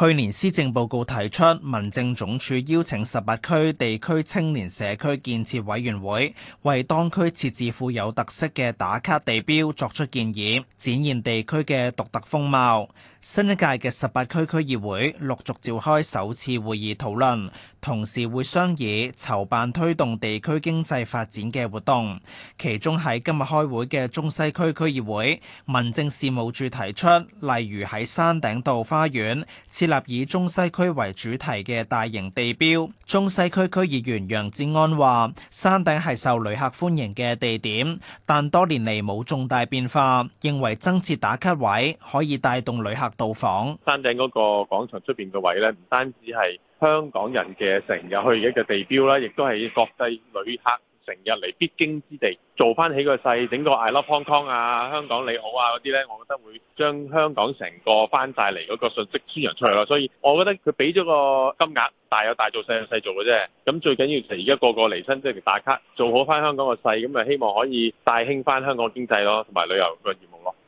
去年施政報告提出，民政總署邀請十八區地區青年社區建設委員會，為當區設置富有特色嘅打卡地標作出建議，展現地區嘅獨特風貌。新一屆嘅十八區區議會陸續召開首次會議討論，同時會商議籌辦推動地區經濟發展嘅活動。其中喺今日開會嘅中西區區議會民政事務處提出，例如喺山頂道花園設立以中西區為主題嘅大型地標。中西區區議員楊志安話：山頂係受旅客歡迎嘅地點，但多年嚟冇重大變化，認為增設打卡位可以帶動旅客。到訪山頂嗰個廣場出面個位咧，唔單止係香港人嘅成日去嘅一個地標啦，亦都係國際旅客成日嚟必經之地。做翻起個勢，整個 I Love Hong Kong 啊、香港你好啊嗰啲咧，我覺得會將香港成個翻晒嚟嗰個信息宣揚出嚟咯。所以，我覺得佢俾咗個金額，大有大做，細有細做嘅啫。咁最緊要其係而家個個離身，即係打卡，做好翻香港個勢，咁咪希望可以帶興翻香港經濟咯，同埋旅遊個業。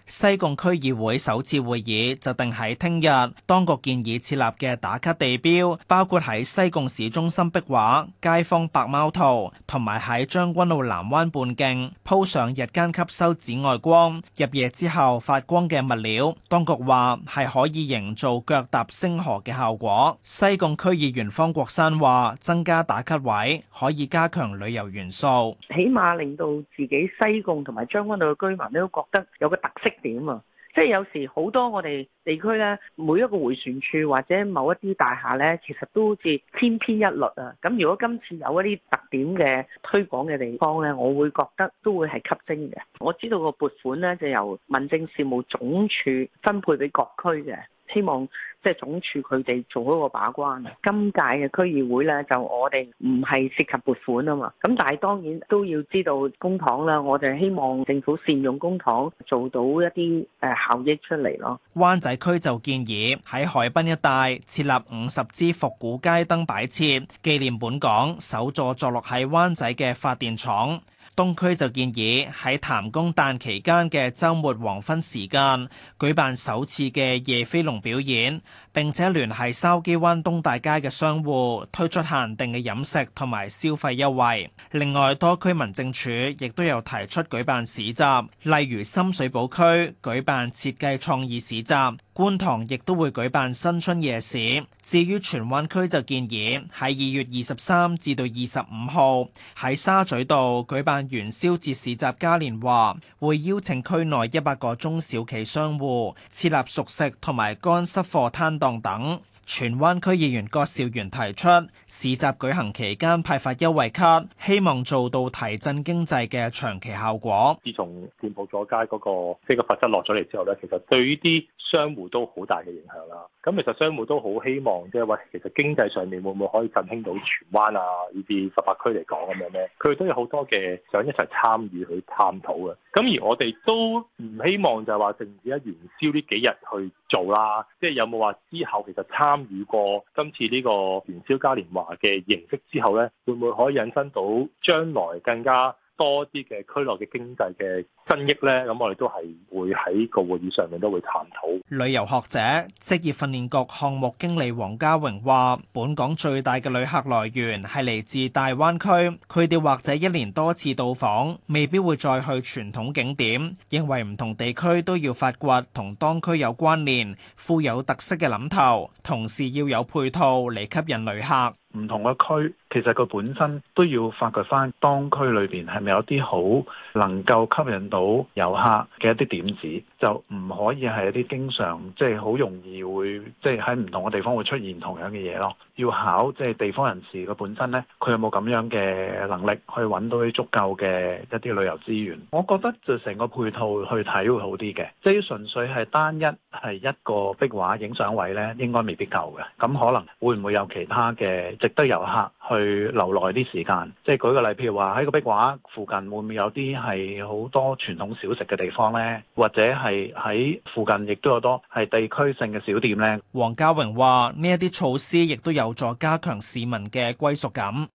西貢區議會首次會議就定喺聽日。當局建議設立嘅打卡地標，包括喺西貢市中心壁畫、街坊白貓圖，同埋喺將軍澳南灣畔徑鋪上日間吸收紫外光、入夜之後發光嘅物料。當局話係可以營造腳踏星河嘅效果。西貢區議員方國珊話，增加打卡位可以加強旅遊元素，起碼令到自己西貢同埋將軍澳嘅居民都覺得有個特色。點啊？即係有時好多我哋地區呢，每一個回旋處或者某一啲大廈呢，其實都好似千篇一律啊。咁如果今次有一啲特點嘅推廣嘅地方呢，我會覺得都會係吸睛嘅。我知道個撥款呢，就由民政事務總署分配俾各區嘅。希望即係總署佢哋做一個把關。今屆嘅區議會咧，就我哋唔係涉及撥款啊嘛。咁但係當然都要知道公帑啦。我哋希望政府善用公帑，做到一啲誒效益出嚟咯。灣仔區就建議喺海濱一帶設立五十支復古街燈擺設，紀念本港首座坐落喺灣仔嘅發電廠。東區就建議喺譚公誕期間嘅周末黃昏時間舉辦首次嘅夜飛龍表演，並且聯繫筲箕灣東大街嘅商戶推出限定嘅飲食同埋消費優惠。另外，多區民政處亦都有提出舉辦市集，例如深水埗區舉辦設計創意市集，觀塘亦都會舉辦新春夜市。至於荃灣區就建議喺二月二十三至到二十五號喺沙咀道舉辦。元宵節市集嘉年華會邀請區內一百個中小，小企商戶設立熟食同埋乾濕貨攤檔等。荃灣區議員郭兆元提出市集舉行期間派發優惠卡，希望做到提振經濟嘅長期效果。自從店鋪坐街嗰個即係個罰則落咗嚟之後咧，其實對呢啲商戶都好大嘅影響啦。咁其實商戶都好希望即係話，其實經濟上面會唔會可以振興到荃灣啊呢啲十八區嚟講咁樣咧？佢都有好多嘅想一齊參與去探討嘅。咁而我哋都唔希望就係話淨止喺元宵呢幾日去做啦，即係有冇話之後其實參參與過今次呢個元宵嘉年華嘅形式之後呢，會唔會可以引申到將來更加 多啲嘅區內嘅經濟嘅增益咧，咁我哋都係會喺個會議上面都會探討。旅遊學者職業訓練局項目經理黃家榮話，本港最大嘅旅客來源係嚟自大灣區，佢哋或者一年多次到訪，未必會再去傳統景點。認為唔同地區都要發掘同當區有關聯、富有特色嘅諗頭，同時要有配套嚟吸引旅客。唔同嘅區，其實佢本身都要發掘翻，當區裏面係咪有啲好能夠吸引到遊客嘅一啲點子。就唔可以係一啲經常即係好容易會即係喺唔同嘅地方會出現同樣嘅嘢咯。要考即係、就是，地方人士嘅本身咧，佢有冇咁樣嘅能力去搵到啲足夠嘅一啲旅遊資源？我覺得就成個配套去睇會好啲嘅。即係純粹係單一係一個壁畫影相位咧，應該未必夠嘅。咁可能會唔會有其他嘅值得遊客去留耐啲時間，即係舉個例，譬如話喺個壁畫附近會唔會有啲係好多傳統小食嘅地方咧，或者係？喺附近，亦都有多係地區性嘅小店咧。黃家榮話：呢一啲措施亦都有助加強市民嘅歸屬感。